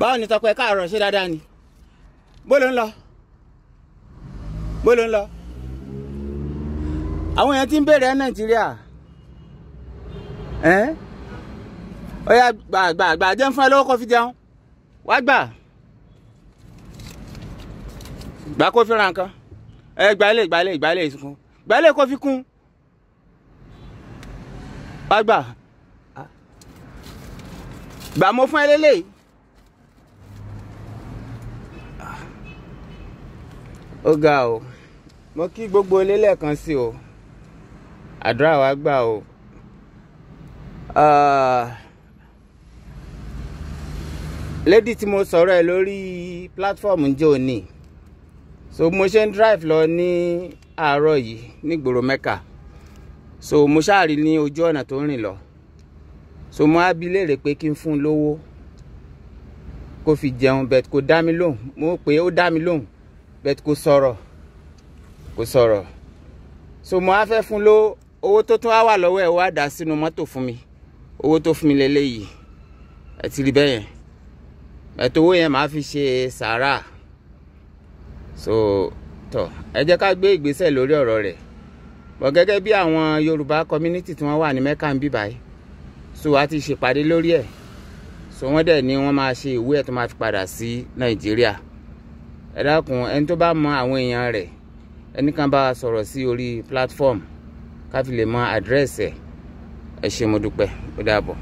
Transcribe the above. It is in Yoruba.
báwo ni tọpẹ káàárọ̀ ṣe dáadáa ni bó ló ń lọ bó ló ń lọ àwọn èèyàn ti ń béèrè nàìjíríà ẹ ó yá gbà gbà gbà jẹun fún ẹ lọ́wọ́ kó fi jẹun wá gbà gbà kó fi ra nǹkan ẹ gbà ilé gbà ilé gbà ilé ìsìnkú gbà ilé kó kún wá gbà gbà mo fún ẹ lélẹ́yìí. ó ga o mo kí gbogbo ilé lẹ́ẹ̀kan sí o àdúrà wa gbà o lady tí mo sọ̀rọ̀ ẹ̀ lórí platform jẹ́ òní so mo ṣe ń drive lọ ní àárọ̀ yìí nígboro mẹ́ka so mo ṣáàrí ní ojú ọ̀nà tó ń rìn lọ so mo á bi léèrè pé kí n fún un lówó kó fi jẹun bẹ́ẹ̀ kó dá mi lóhùn mo pé ó dá mi lóhùn bẹ́ẹ̀ kò sọ̀rọ̀ kò sọ̀rọ̀ so mo á fẹ́ fún ló owó tó tún á wà lọ́wọ́ ẹ̀ wá dà sínú mọ́tò fún mi owó tó fún mi lélẹ́yìí ẹ ti rí bẹ́ẹ̀ yẹn ẹ̀tọ́ owó yẹn màá fi ṣe sàárà so tọ ẹ jẹ́ ká gbé ìgbésẹ̀ lórí ọ̀rọ̀ rẹ̀ bọ̀ gẹ́gẹ́ bí àwọn Yorùbá community tí wọ́n wà ní Mẹ́kà ń bí báyìí so a ti ṣèpàdé lórí ẹ̀ so wọ́n dẹ̀ ni wọ́n máa ṣe ìwé ẹ̀ tó máa fi padà sí Nàìjíríà ẹ dákun ẹni tó bá mọ àwọn èèyàn rẹ̀ ẹni kan bá sọ̀rọ̀ sí orí platform ká fi lè mọ àdírẹ́sì ẹ̀ ẹ ṣé mo ó dàbọ̀.